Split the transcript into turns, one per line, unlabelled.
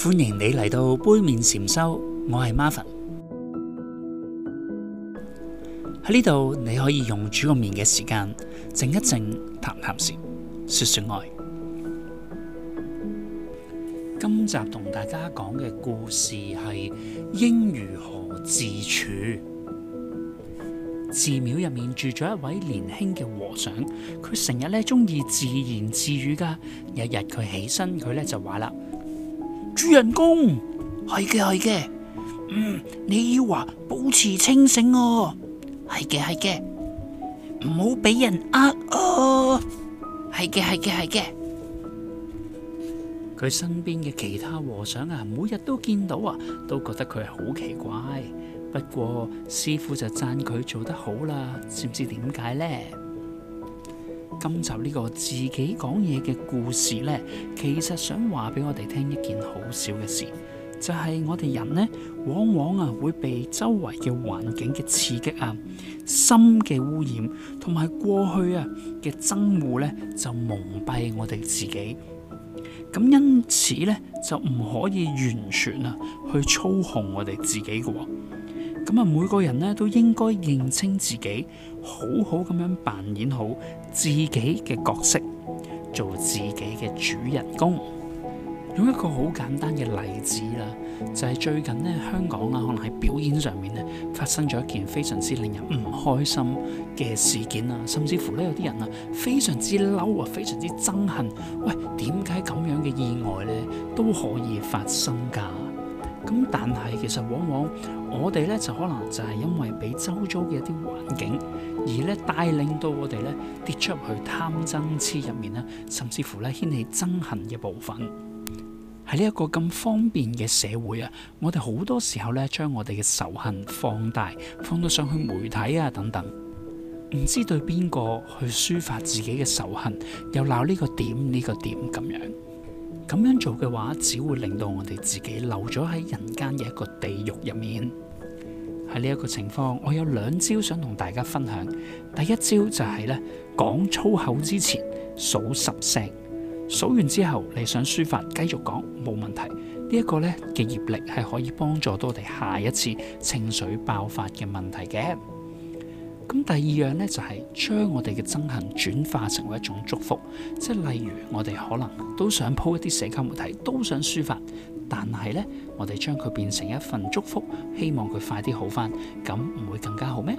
歡迎你嚟到杯麵禪修，我係 Marvin 喺呢度，你可以用煮個麵嘅時間靜一靜，談談禪，說說愛。今集同大家講嘅故事係應如何自處。寺廟入面住咗一位年輕嘅和尚，佢成日咧中意自言自語噶。日日佢起身，佢咧就話啦。主人公，係嘅係嘅，嗯，你要話保持清醒哦、啊，係嘅係嘅，唔好俾人呃哦、啊，係嘅係嘅係嘅。佢身邊嘅其他和尚啊，每日都見到啊，都覺得佢係好奇怪。不過師父就讚佢做得好啦，知唔知點解呢？今集呢個自己講嘢嘅故事呢，其實想話俾我哋聽一件好小嘅事，就係我哋人呢，往往啊會被周圍嘅環境嘅刺激啊、心嘅污染同埋過去啊嘅憎惡呢，就蒙蔽我哋自己。咁因此呢，就唔可以完全啊去操控我哋自己嘅。咁啊，每個人咧都應該認清自己，好好咁樣扮演好自己嘅角色，做自己嘅主人公。用一個好簡單嘅例子啦，就係最近咧香港啦，可能喺表演上面咧發生咗一件非常之令人唔開心嘅事件啊，甚至乎咧有啲人啊非常之嬲啊，非常之憎恨，喂，點解咁樣嘅意外咧都可以發生噶？咁但係其實往往我哋咧就可能就係因為俾周遭嘅一啲環境而咧帶領到我哋咧跌入去貪嗔痴入面咧，甚至乎咧掀起憎恨嘅部分。喺呢一個咁方便嘅社會啊，我哋好多時候咧將我哋嘅仇恨放大，放到上去媒體啊等等，唔知對邊個去抒發自己嘅仇恨，又鬧呢個點呢個點咁樣。咁樣做嘅話，只會令到我哋自己留咗喺人間嘅一個地獄入面。喺呢一個情況，我有兩招想同大家分享。第一招就係咧，講粗口之前數十聲，數完之後你想抒發，繼續講冇問題。這個、呢一個咧嘅業力係可以幫助到我哋下一次情緒爆發嘅問題嘅。咁第二樣呢，就係將我哋嘅憎恨轉化成為一種祝福，即係例如我哋可能都想 po 一啲社交媒體，都想抒發，但係呢，我哋將佢變成一份祝福，希望佢快啲好翻，咁唔會更加好咩？